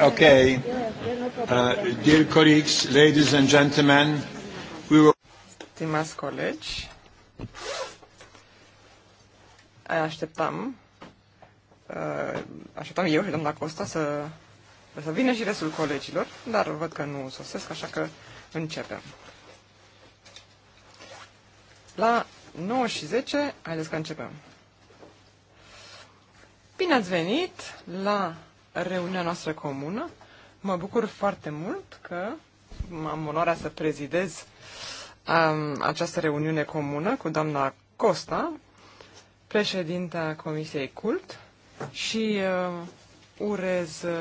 Okay. Uh, dear colleagues, ladies and gentlemen, we will... Stimați colegi, așteptam, așteptam eu și doamna Costa să, să vină și restul colegilor, dar văd că nu sosesc, așa că începem. La 9 și 10, haideți că începem. Bine ați venit la reuniunea noastră comună. Mă bucur foarte mult că am onoarea să prezidez um, această reuniune comună cu doamna Costa, președinta Comisiei Cult și uh, urez uh,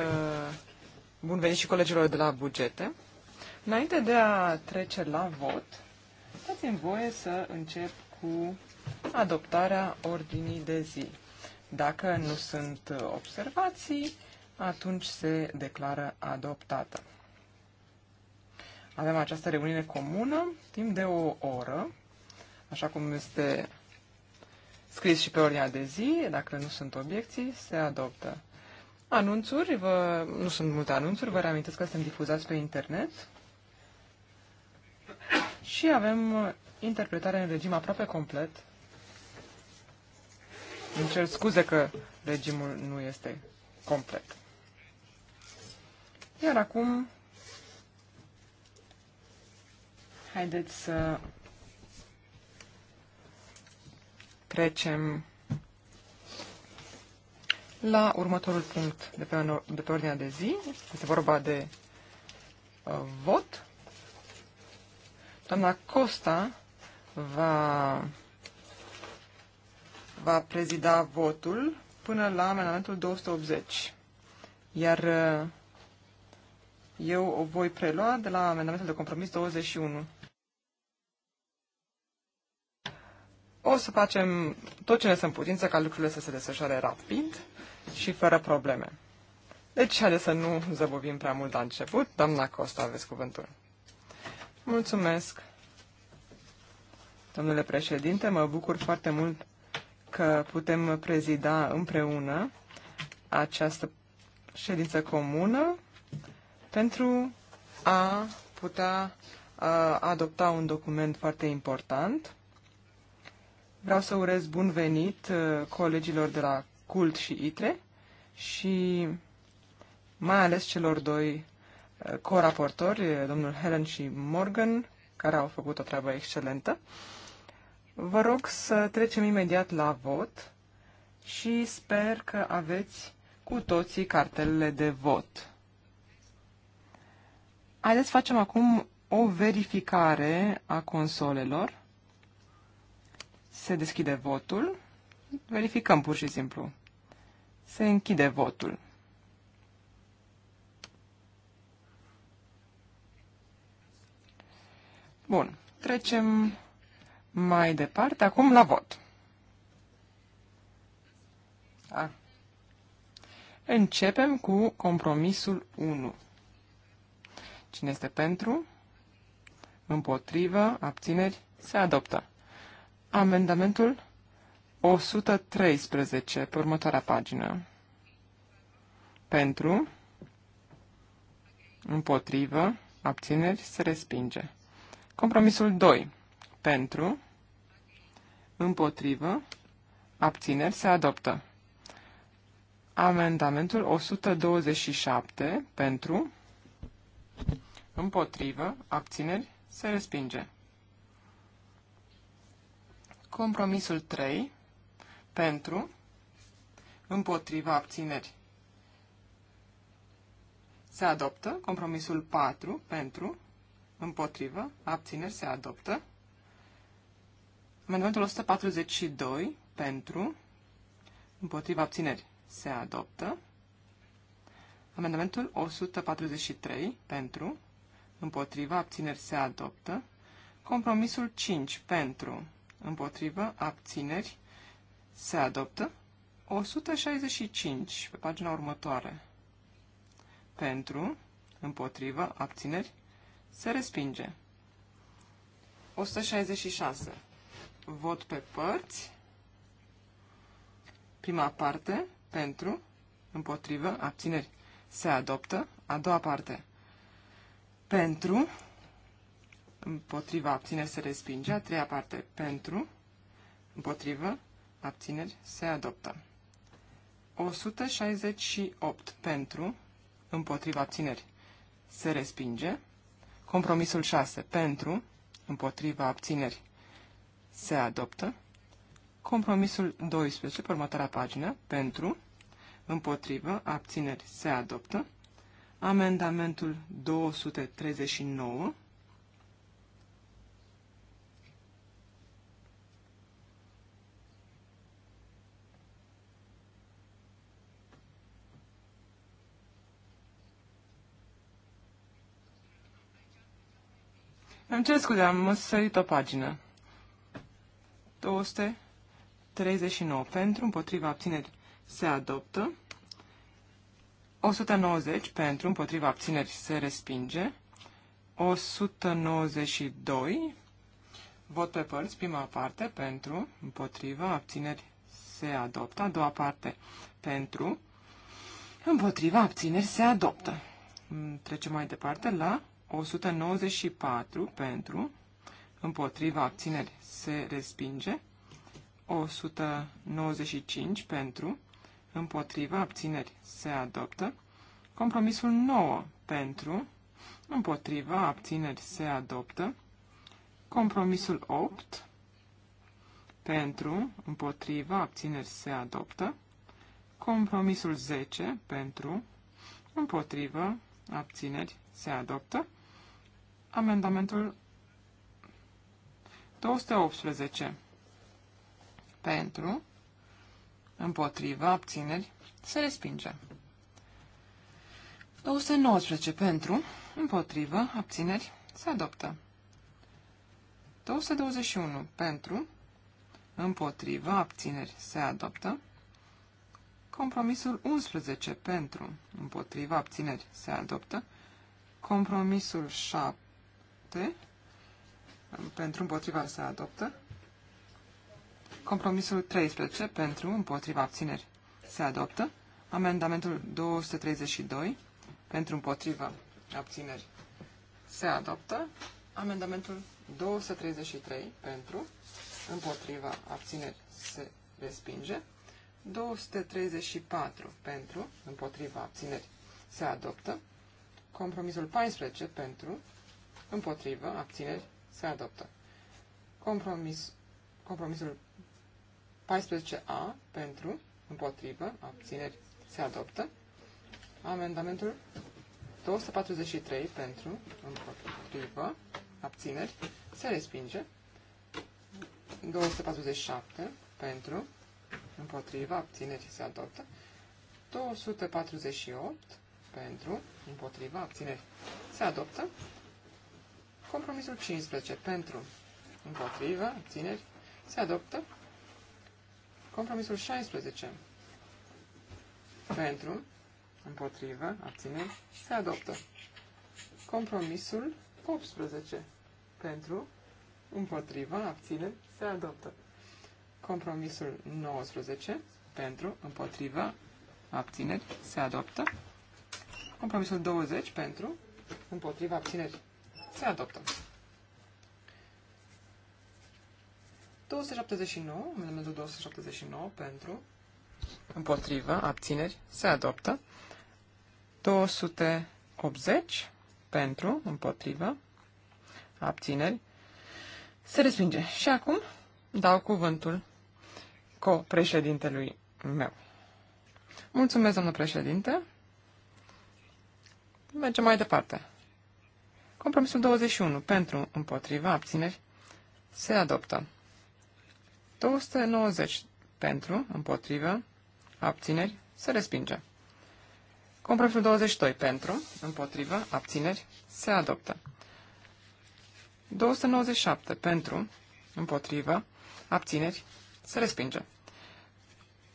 bun venit și colegilor de la bugete. Înainte de a trece la vot, dați-mi voie să încep cu adoptarea ordinii de zi. Dacă nu sunt observații, atunci se declară adoptată. Avem această reuniune comună timp de o oră, așa cum este scris și pe ordinea de zi, dacă nu sunt obiecții, se adoptă. Anunțuri, vă, nu sunt multe anunțuri, vă reamintesc că sunt difuzați pe internet și avem interpretare în regim aproape complet. Îmi cer scuze că regimul nu este complet. Iar acum, haideți să trecem la următorul punct de pe, de pe ordinea de zi. Este vorba de uh, vot. Doamna Costa va, va prezida votul până la amendamentul 280. Iar uh, eu o voi prelua de la amendamentul de compromis 21. O să facem tot ce ne sunt putință ca lucrurile să se desfășoare rapid și fără probleme. Deci, haideți să nu zăbovim prea mult la început. Doamna Costa, aveți cuvântul. Mulțumesc. Domnule președinte, mă bucur foarte mult că putem prezida împreună această ședință comună pentru a putea uh, adopta un document foarte important. Vreau să urez bun venit colegilor de la Cult și ITRE și mai ales celor doi coraportori, domnul Helen și Morgan, care au făcut o treabă excelentă. Vă rog să trecem imediat la vot și sper că aveți cu toții cartelele de vot. Haideți să facem acum o verificare a consolelor. Se deschide votul. Verificăm pur și simplu. Se închide votul. Bun. Trecem mai departe. Acum la vot. A. Începem cu compromisul 1. Cine este pentru? Împotrivă, abțineri, se adoptă. Amendamentul 113, pe următoarea pagină. Pentru, împotrivă, abțineri, se respinge. Compromisul 2. Pentru, împotrivă, abțineri, se adoptă. Amendamentul 127, pentru, Împotrivă, abțineri, se respinge. Compromisul 3, pentru, împotrivă, abțineri, se adoptă. Compromisul 4, pentru, împotrivă, abțineri, se adoptă. Amendamentul 142, pentru, împotrivă, abțineri, se adoptă. Amendamentul 143 pentru, împotriva, abțineri se adoptă. Compromisul 5 pentru, împotriva, abțineri se adoptă. 165 pe pagina următoare. Pentru, împotriva, abțineri se respinge. 166. Vot pe părți. Prima parte, pentru, împotrivă, abțineri se adoptă. A doua parte pentru, împotriva, abțineri, se respinge. A treia parte pentru, împotrivă, abțineri, se adoptă. 168 pentru, împotriva, abțineri, se respinge. Compromisul 6 pentru, împotriva, abțineri, se adoptă. Compromisul 12, pe următoarea pagină, pentru, împotrivă, abțineri, se adoptă. Amendamentul 239. Îmi cer scuze, am sărit o pagină. 239 pentru, împotriva abțineri se adoptă. 190 pentru, împotriva abțineri se respinge. 192 vot pe părți, prima parte pentru, împotriva abțineri se adoptă. A doua parte pentru, împotriva abțineri se adoptă. Mm, trecem mai departe la 194 pentru, împotriva abțineri se respinge. 195 pentru, împotriva abțineri, se adoptă. Compromisul 9 pentru, împotriva abțineri, se adoptă. Compromisul 8 pentru, împotriva abțineri, se adoptă. Compromisul 10 pentru, împotriva abțineri, se adoptă. Amendamentul 218 pentru, Împotrivă. Abțineri. Se respinge. 219 pentru. Împotrivă. Abțineri. Se adoptă. 221 pentru. Împotrivă. Abțineri. Se adoptă. Compromisul 11 pentru. Împotrivă. Abțineri. Se adoptă. Compromisul 7 pentru împotriva se adoptă. Compromisul 13 pentru, împotriva abțineri se adoptă. Amendamentul 232 pentru, împotriva abțineri se adoptă. Amendamentul 233 pentru, împotriva abțineri se respinge. 234 pentru, împotriva abțineri se adoptă. Compromisul 14 pentru, împotriva abțineri, se adoptă. Compromis, compromisul 14A pentru, împotrivă, abțineri se adoptă. Amendamentul 243 pentru, împotrivă, abțineri se respinge. 247 pentru, împotriva, abțineri se adoptă. 248 pentru, împotriva, abțineri se adoptă. Compromisul 15 pentru, împotriva, abțineri se adoptă. Compromisul 16. Pentru, împotrivă, abținem, se adoptă. Compromisul 18. Pentru, împotrivă, abținem, se adoptă. Compromisul 19. Pentru, împotrivă, abțineri, se adoptă. Compromisul 20. Pentru, împotrivă, abțineri, se adoptă. 279, amendamentul 279 pentru, împotrivă, abțineri, se adoptă. 280 pentru, împotrivă, abțineri, se respinge. Și acum dau cuvântul co-președintelui meu. Mulțumesc, domnul președinte. Mergem mai departe. Compromisul 21 pentru, împotrivă, abțineri, se adoptă. 290 pentru, împotrivă, abțineri, se respinge. Compromisul 22 pentru, împotrivă, abțineri, se adoptă. 297 pentru, împotrivă, abțineri, se respinge.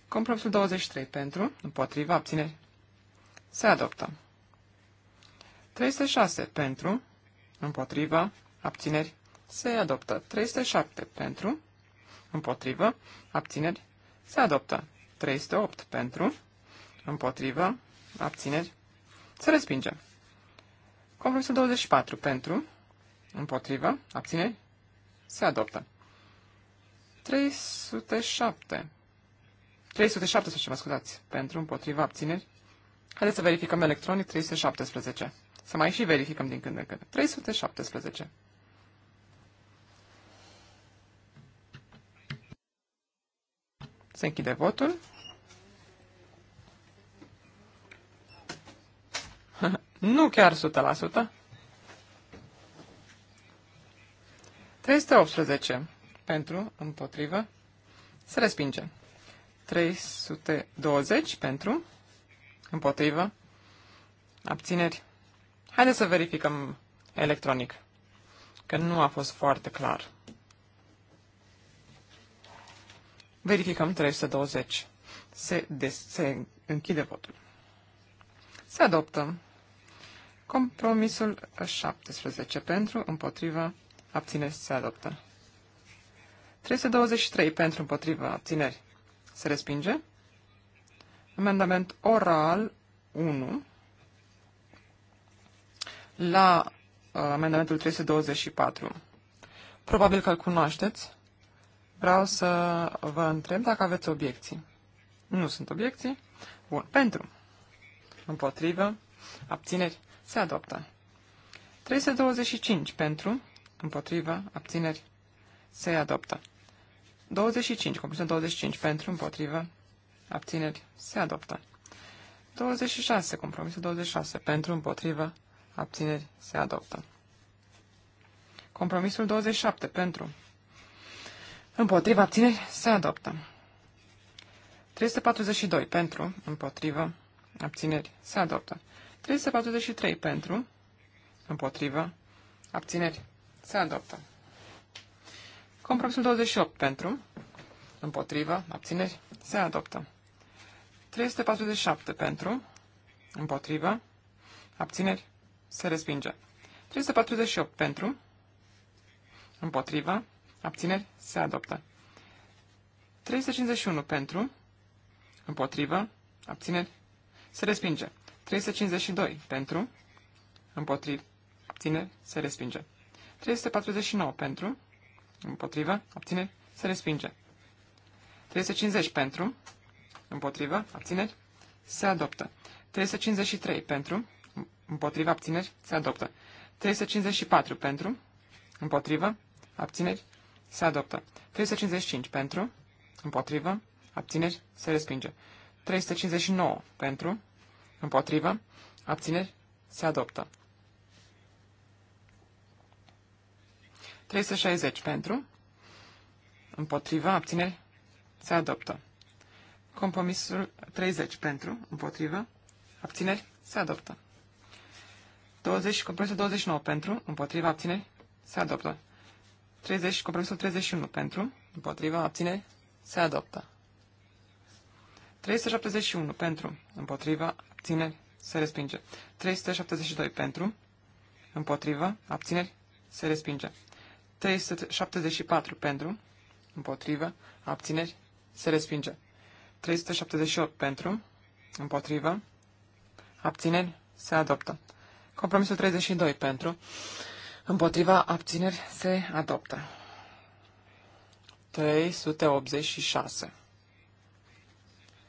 Compromisul 23 pentru, împotrivă, abțineri, se adoptă. 306 pentru, împotrivă, abțineri, se adoptă. 307 pentru, Împotrivă. Abțineri. Se adoptă. 308 pentru. Împotrivă. Abțineri. Se respinge. Compromisul 24 pentru. Împotrivă. Abțineri. Se adoptă. 307. 317, mă scuzați. Pentru, împotrivă, abțineri. Haideți să verificăm electronic 317. Să mai și verificăm din când în când. 317. Se închide votul. nu chiar 100%. 318 pentru, împotrivă, se respinge. 320 pentru, împotrivă, abțineri. Haideți să verificăm electronic, că nu a fost foarte clar. Verificăm 320. Se, des, se închide votul. Se adoptă. Compromisul 17 pentru, împotriva, abțineri se adoptă. 323 pentru, împotriva, abțineri se respinge. Amendament oral 1 la uh, amendamentul 324. Probabil că îl cunoașteți. Vreau să vă întreb dacă aveți obiecții. Nu sunt obiecții. Bun. Pentru. Împotrivă. Abțineri. Se adoptă. 325 pentru. Împotrivă. Abțineri. Se adoptă. 25. Comisiunea 25 pentru. Împotrivă. Abțineri. Se adoptă. 26. Compromisul 26 pentru. Împotrivă. Abțineri. Se adoptă. Compromisul 27 pentru. Împotriva abțineri se adoptă. 342 pentru, împotriva, abțineri se adoptă. 343 pentru, împotriva, abțineri se adoptă. Compromisul 28 pentru, împotriva, abțineri se adoptă. 347 pentru, împotriva, abțineri se respinge. 348 pentru, împotriva, Abțineri? Se adoptă. 351 pentru. Împotrivă. Abțineri? Se respinge. 352 pentru. Împotrivă. Abțineri? Se respinge. 349 pentru. Împotrivă. Abțineri? Se respinge. 350 pentru. Împotrivă. Abțineri? Se adoptă. 353 pentru. Împotrivă. Abțineri? Se adoptă. 354 pentru. Împotrivă. Abțineri? Se adoptă. 355 pentru, împotrivă, abțineri, se respinge. 359 pentru, împotrivă, abțineri, se adoptă. 360 pentru, împotriva, abțineri, se adoptă. Compromisul 30 pentru, împotriva, abțineri, se adoptă. 20, compromisul 29 pentru, împotriva, abțineri, se adoptă. 30, compromisul 31 pentru, împotriva, abțineri, se adoptă. 371 pentru, împotriva, abțineri, se respinge. 372 pentru, împotriva, abțineri, se respinge. 374 pentru, împotriva, abțineri, se respinge. 378 pentru, împotriva, abțineri, se adoptă. Compromisul 32 pentru, Împotriva abțineri se adoptă. 386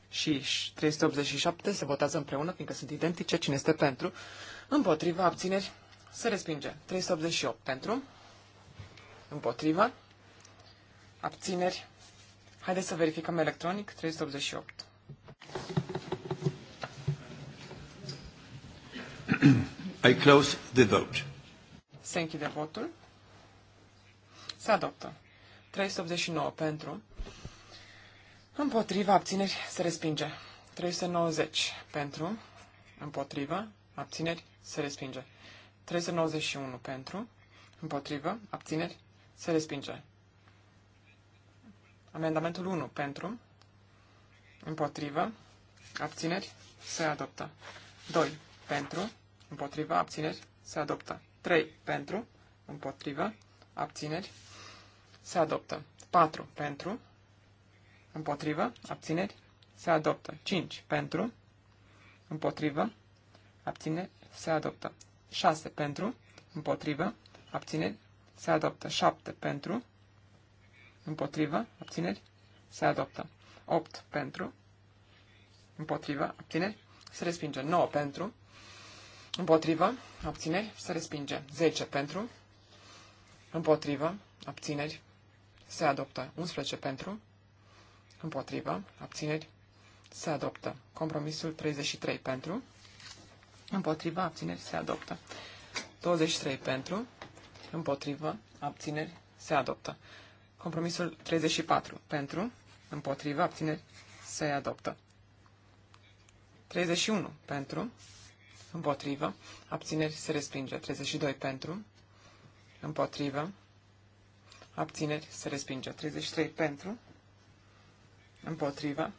și 387 se votează împreună, fiindcă sunt identice. Cine este pentru? Împotriva abțineri se respinge. 388 pentru. Împotriva. Abțineri. Haideți să verificăm electronic. 388. I close the vote. Se închide votul. Se adoptă. 389 pentru. Împotriva, abțineri, se respinge. 390 pentru. Împotriva, abțineri, se respinge. 391 pentru. Împotrivă, abțineri, se respinge. Amendamentul 1 pentru. Împotrivă, abțineri, se adoptă. 2 pentru. Împotriva, abțineri, se adoptă. 3 pentru, împotrivă, abțineri, se adoptă. 4 pentru, împotrivă, abțineri, se adoptă. 5 pentru, împotrivă, abțineri, se adoptă. 6 pentru, împotrivă, abțineri, se adoptă. 7 pentru, împotrivă, abțineri, se adoptă. 8 pentru, împotrivă, abțineri, se respinge. 9 pentru, Împotrivă, abțineri, se respinge. 10 pentru, împotrivă, abțineri, se adoptă. 11 pentru, împotrivă, abțineri, se adoptă. Compromisul 33 pentru, împotrivă, abțineri, se adoptă. 23 pentru, împotrivă, abțineri, se adoptă. Compromisul 34 pentru, împotrivă, abțineri, se adoptă. 31 pentru, împotrivă, abțineri se respinge. 32 pentru, împotrivă, abțineri se respinge. 33 pentru, împotrivă,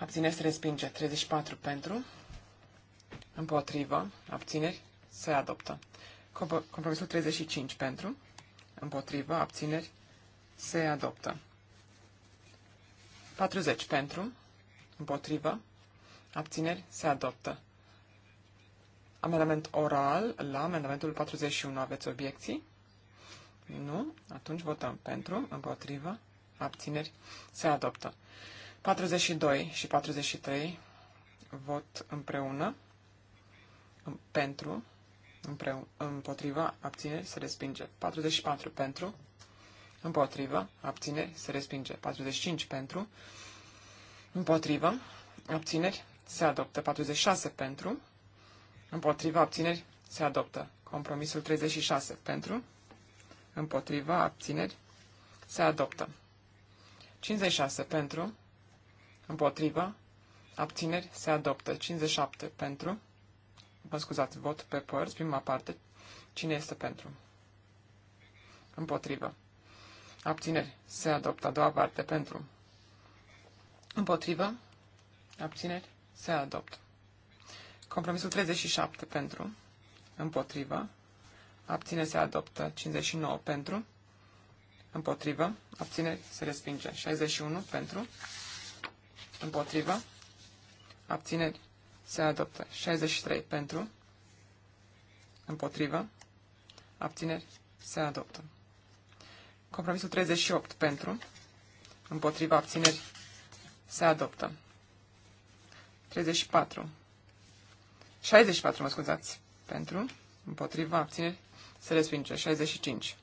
abțineri se respinge. 34 pentru, împotrivă, abțineri se adoptă. Compromisul 35 pentru, împotrivă, abțineri se adoptă. 40 pentru, împotrivă, abțineri se adoptă amendament oral la amendamentul 41. Aveți obiecții? Nu? Atunci votăm pentru, împotrivă, abțineri, se adoptă. 42 și 43 vot împreună, pentru, împreună, împotrivă, abțineri, se respinge. 44 pentru, împotrivă, abțineri, se respinge. 45 pentru, împotrivă, abțineri, se adoptă. 46 pentru, Împotriva abțineri se adoptă. Compromisul 36 pentru. Împotriva abțineri se adoptă. 56 pentru. Împotriva abțineri se adoptă. 57 pentru. Vă scuzați, vot pe părți, prima parte. Cine este pentru? Împotrivă. Abțineri. Se adoptă a doua parte pentru. Împotrivă. Abțineri. Se adoptă. Compromisul 37 pentru, împotrivă, abține se adoptă 59 pentru, împotrivă, abține se respinge 61 pentru, împotrivă, abține se adoptă 63 pentru, împotrivă, Abține se adoptă. Compromisul 38 pentru, împotriva abțineri se adoptă. 34 64, mă scuzați. Pentru, împotriva, abțineri, se respinge. 65.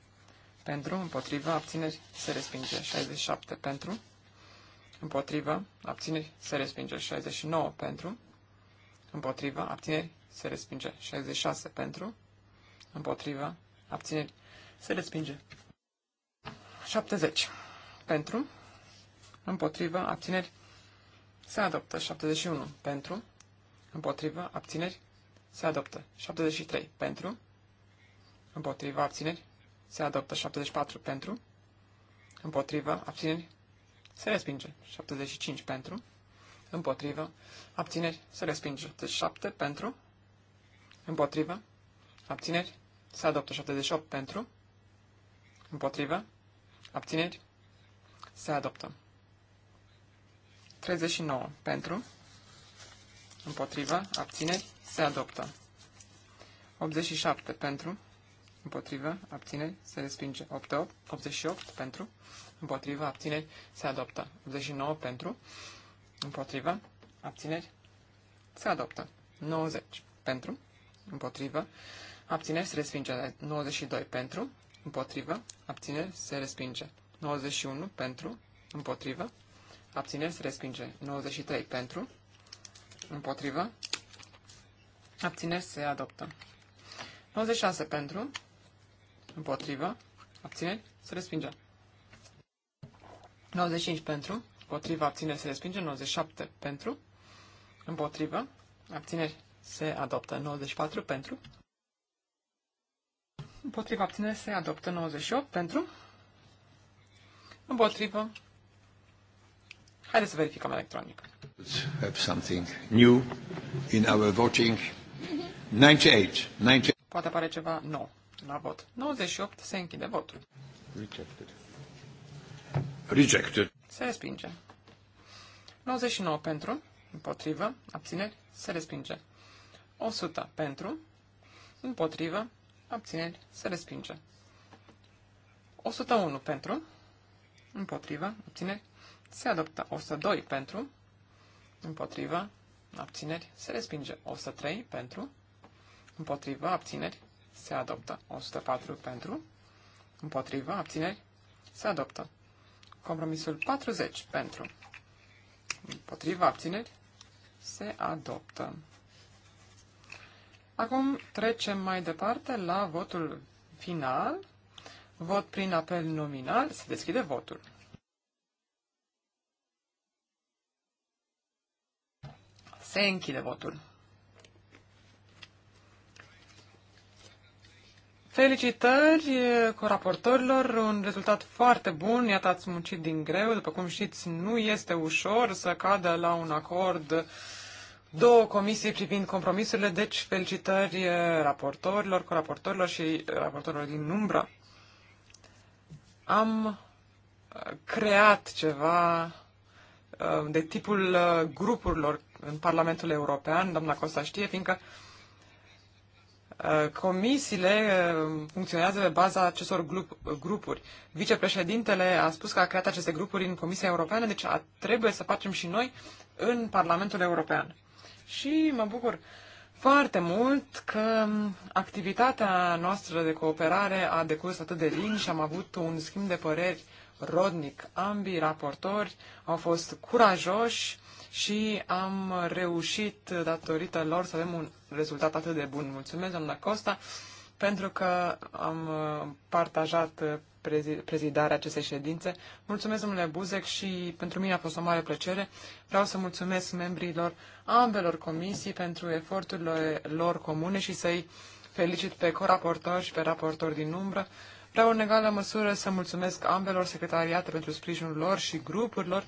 Pentru, împotriva, abțineri, se respinge. 67. Pentru, împotriva, abțineri, se respinge. 69. Pentru, împotriva, abțineri, se respinge. 66. Pentru, împotriva, abțineri, se respinge. 70. Pentru, împotriva, abțineri, se adoptă. 71. Pentru, Împotrivă. Abțineri. Se adoptă. 73. Pentru. Împotrivă. Abțineri. Se adoptă. 74. Pentru. Împotrivă. Abțineri. Se respinge. 75. Pentru. Împotrivă. Abțineri. Se respinge. 77. Pentru. Împotrivă. Abțineri. Se adoptă. 78. Pentru. Împotrivă. Abțineri. Se adoptă. 39. Pentru împotrivă, abțineri, se adoptă. 87 pentru, împotrivă, abțineri, se respinge. 88, 88 pentru, împotrivă, abțineri, se adoptă. 89 pentru, împotrivă, abțineri, se adoptă. 90 pentru, împotrivă, abțineri, se respinge. 92 pentru, împotrivă, abțineri, se respinge. 91 pentru, împotrivă, abțineri, se respinge. 93 pentru, Împotrivă. Abțineri se adoptă. 96 pentru. Împotrivă. Abțineri se respinge. 95 pentru. Împotrivă. Abțineri se respinge. 97 pentru. Împotrivă. Abțineri se adoptă. 94 pentru. Împotrivă. Abțineri se adoptă. 98 pentru. Împotrivă. Haideți să verificăm electronic. Have something new in our voting. 98. 98. Poate apare ceva nou la vot. 98 se închide votul. Rejected. Rejected. Se respinge. 99 pentru, împotrivă, abțineri, se respinge. 100 pentru, împotrivă, abțineri, se respinge. 101 pentru, împotrivă, abțineri, se adoptă 102 pentru, împotriva, abțineri, se respinge 103 pentru, împotriva, abțineri, se adoptă 104 pentru, împotriva, abțineri, se adoptă. Compromisul 40 pentru, împotriva, abțineri, se adoptă. Acum trecem mai departe la votul final. Vot prin apel nominal. Se deschide votul. Se închide votul. Felicitări cu raportorilor, un rezultat foarte bun, iată ați muncit din greu, după cum știți nu este ușor să cadă la un acord două comisii privind compromisurile, deci felicitări raportorilor, cu raportorilor și raportorilor din umbră. Am creat ceva uh, de tipul uh, grupurilor în Parlamentul European, doamna Costa știe, fiindcă uh, comisiile uh, funcționează pe baza acestor grup, grupuri. Vicepreședintele a spus că a creat aceste grupuri în Comisia Europeană, deci a, trebuie să facem și noi în Parlamentul European. Și mă bucur foarte mult că um, activitatea noastră de cooperare a decurs atât de lin și am avut un schimb de păreri rodnic. Ambii raportori au fost curajoși și am reușit, datorită lor, să avem un rezultat atât de bun. Mulțumesc, doamna Costa, pentru că am partajat prezidarea acestei ședințe. Mulțumesc, domnule Buzec, și pentru mine a fost o mare plăcere. Vreau să mulțumesc membrilor ambelor comisii pentru eforturile lor comune și să-i felicit pe coraportori și pe raportori din umbră. Vreau în egală măsură să mulțumesc ambelor secretariate pentru sprijinul lor și grupurilor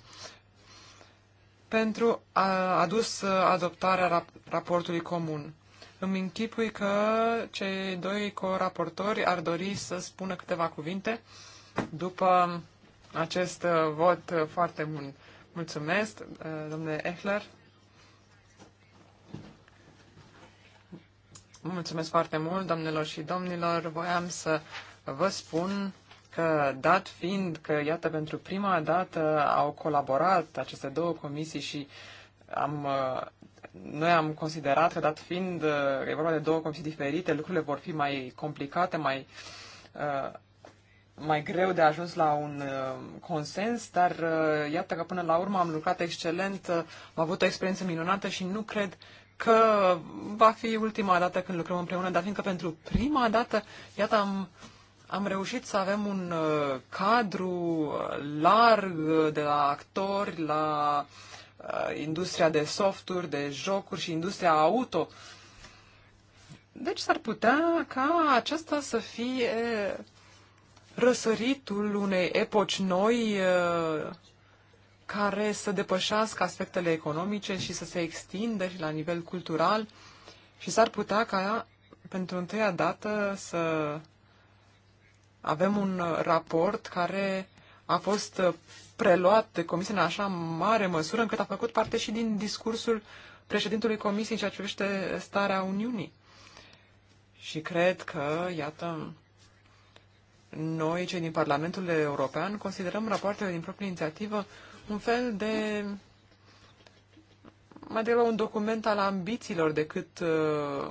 pentru a adus adoptarea raportului comun. Îmi închipui că cei doi co ar dori să spună câteva cuvinte după acest vot foarte bun. Mulțumesc, domnule Echler. Mulțumesc foarte mult, doamnelor și domnilor. Voiam să vă spun că dat fiind că, iată, pentru prima dată au colaborat aceste două comisii și am, uh, noi am considerat că, dat fiind că uh, e vorba de două comisii diferite, lucrurile vor fi mai complicate, mai, uh, mai greu de ajuns la un consens, dar iată că până la urmă am lucrat excelent, am avut o experiență minunată și nu cred că va fi ultima dată când lucrăm împreună, dar fiindcă pentru prima dată, iată, am am reușit să avem un uh, cadru uh, larg uh, de la actori la industria de softuri, de jocuri și industria auto. Deci s-ar putea ca aceasta să fie răsăritul unei epoci noi care să depășească aspectele economice și să se extindă și la nivel cultural și s-ar putea ca pentru întâia dată să avem un uh, raport care a fost uh, preluat de comisie în așa mare măsură încât a făcut parte și din discursul președintelui comisiei în ceea ce privește starea Uniunii. Și cred că, iată, noi, cei din Parlamentul European, considerăm rapoartele din proprie inițiativă un fel de mai degrabă un document al ambițiilor decât uh,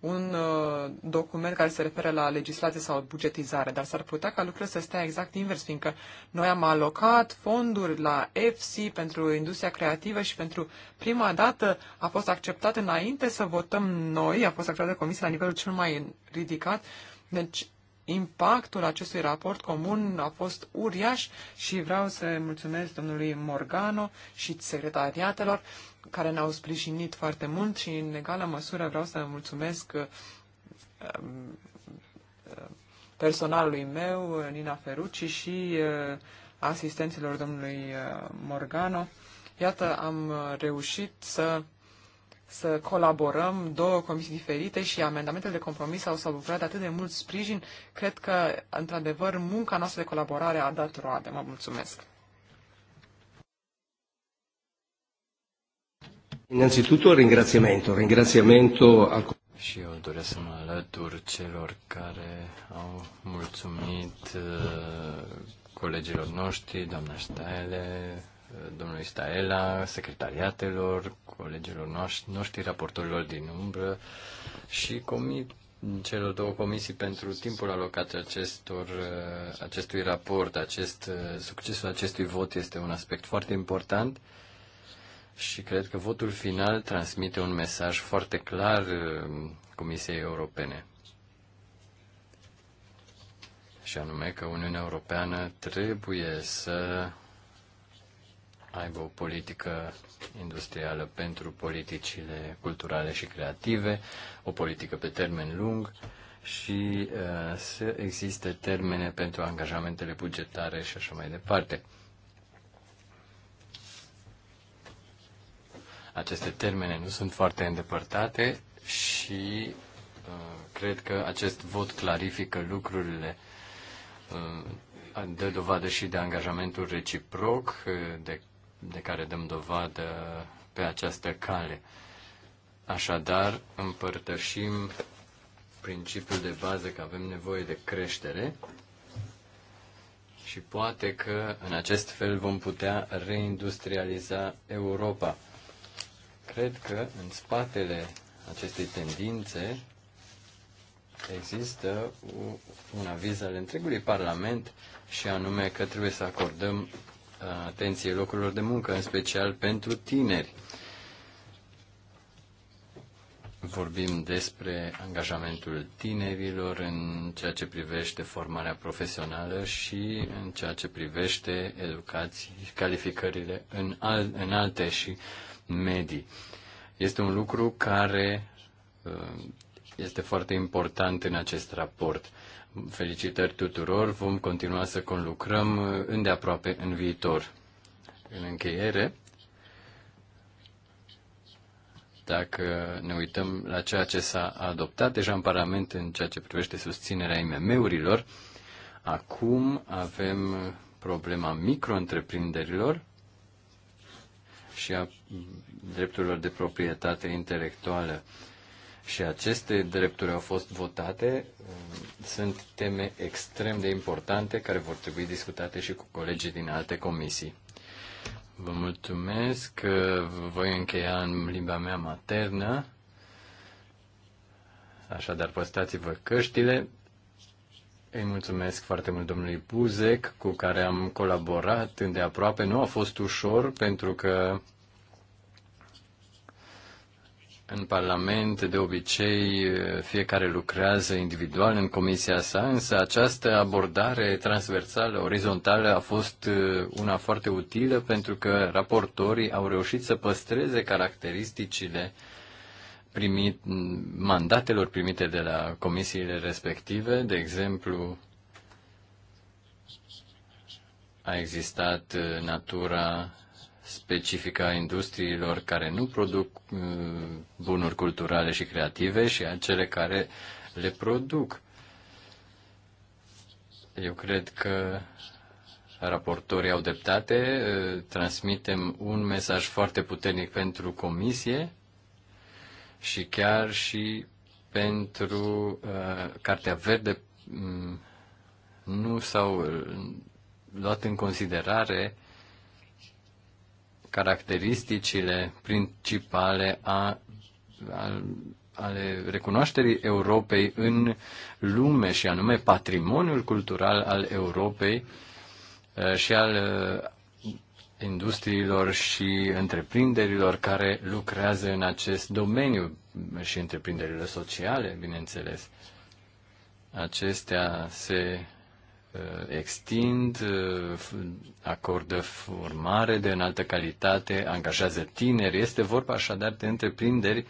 un uh, document care se referă la legislație sau bugetizare, dar s-ar putea ca lucrurile să stea exact invers, fiindcă noi am alocat fonduri la FC pentru industria creativă și pentru prima dată a fost acceptat înainte să votăm noi, a fost acceptată comisia la nivelul cel mai ridicat, deci impactul acestui raport comun a fost uriaș și vreau să mulțumesc domnului Morgano și secretariatelor care ne-au sprijinit foarte mult și în egală măsură vreau să mulțumesc uh, uh, personalului meu, Nina Ferucci și uh, asistenților domnului Morgano. Iată, am reușit să să colaborăm, două comisii diferite și amendamentele de compromis au salvat atât de mult sprijin. Cred că, într-adevăr, munca noastră de colaborare a dat roade. Mă mulțumesc! Innanzitutto ringraziamento, ringraziamento al... Și eu doresc să mă alătur celor care au mulțumit uh, colegilor noștri, doamna Staele, domnului Staela, secretariatelor, colegilor noștri, raportorilor din umbră și comi- celor două comisii pentru timpul alocat acestor, uh, acestui raport. Acest, uh, succesul acestui vot este un aspect foarte important și cred că votul final transmite un mesaj foarte clar uh, Comisiei Europene. Și anume că Uniunea Europeană trebuie să aibă o politică industrială pentru politicile culturale și creative, o politică pe termen lung și uh, să existe termene pentru angajamentele bugetare și așa mai departe. Aceste termene nu sunt foarte îndepărtate și uh, cred că acest vot clarifică lucrurile. Uh, dă dovadă și de angajamentul reciproc, uh, de de care dăm dovadă pe această cale. Așadar, împărtășim principiul de bază că avem nevoie de creștere și poate că în acest fel vom putea reindustrializa Europa. Cred că în spatele acestei tendințe există un aviz al întregului Parlament și anume că trebuie să acordăm atenție locurilor de muncă, în special pentru tineri. Vorbim despre angajamentul tinerilor în ceea ce privește formarea profesională și în ceea ce privește educații, calificările în, al, în alte și medii. Este un lucru care uh, este foarte important în acest raport. Felicitări tuturor, vom continua să conlucrăm îndeaproape în viitor. În încheiere, dacă ne uităm la ceea ce s-a adoptat deja în Parlament în ceea ce privește susținerea IMM-urilor, acum avem problema micro-întreprinderilor și a drepturilor de proprietate intelectuală și aceste drepturi au fost votate, sunt teme extrem de importante care vor trebui discutate și cu colegii din alte comisii. Vă mulțumesc, voi încheia în limba mea maternă, așadar păstați vă căștile. Îi mulțumesc foarte mult domnului Buzec, cu care am colaborat îndeaproape. Nu a fost ușor, pentru că în Parlament, de obicei, fiecare lucrează individual în comisia sa, însă această abordare transversală, orizontală, a fost uh, una foarte utilă pentru că raportorii au reușit să păstreze caracteristicile primit, mandatelor primite de la comisiile respective. De exemplu, a existat uh, natura specifică a industriilor care nu produc uh, bunuri culturale și creative și a cele care le produc. Eu cred că raportorii au dreptate, uh, transmitem un mesaj foarte puternic pentru comisie și chiar și pentru uh, Cartea Verde mm, nu s-au uh, luat în considerare caracteristicile principale a, a, ale recunoașterii Europei în lume și anume patrimoniul cultural al Europei și al industriilor și întreprinderilor care lucrează în acest domeniu și întreprinderile sociale, bineînțeles. Acestea se Uh, extind, uh, acordă formare de înaltă calitate, angajează tineri. Este vorba așadar de întreprinderi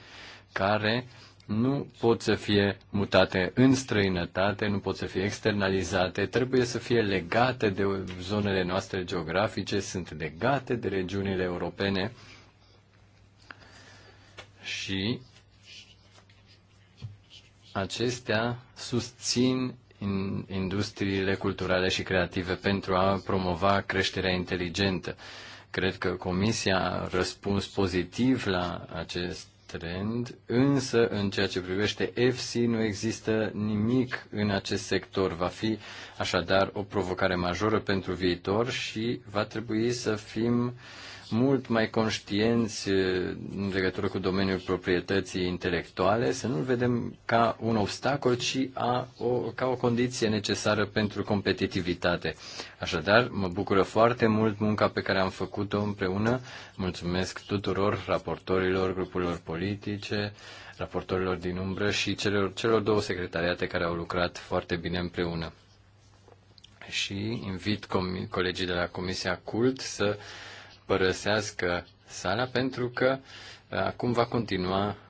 care nu pot să fie mutate în străinătate, nu pot să fie externalizate, trebuie să fie legate de zonele noastre geografice, sunt legate de regiunile europene și acestea susțin industriile culturale și creative pentru a promova creșterea inteligentă. Cred că Comisia a răspuns pozitiv la acest trend, însă în ceea ce privește FC nu există nimic în acest sector. Va fi așadar o provocare majoră pentru viitor și va trebui să fim uh, mult mai conștienți în legătură cu domeniul proprietății intelectuale, să nu-l vedem ca un obstacol, ci a, o, ca o condiție necesară pentru competitivitate. Așadar, mă bucură foarte mult munca pe care am făcut-o împreună. Mulțumesc tuturor raportorilor, grupurilor politice, raportorilor din umbră și celor, celor două secretariate care au lucrat foarte bine împreună. Și invit colegii de la Comisia Cult să uh, părăsească sala pentru că uh, acum va continua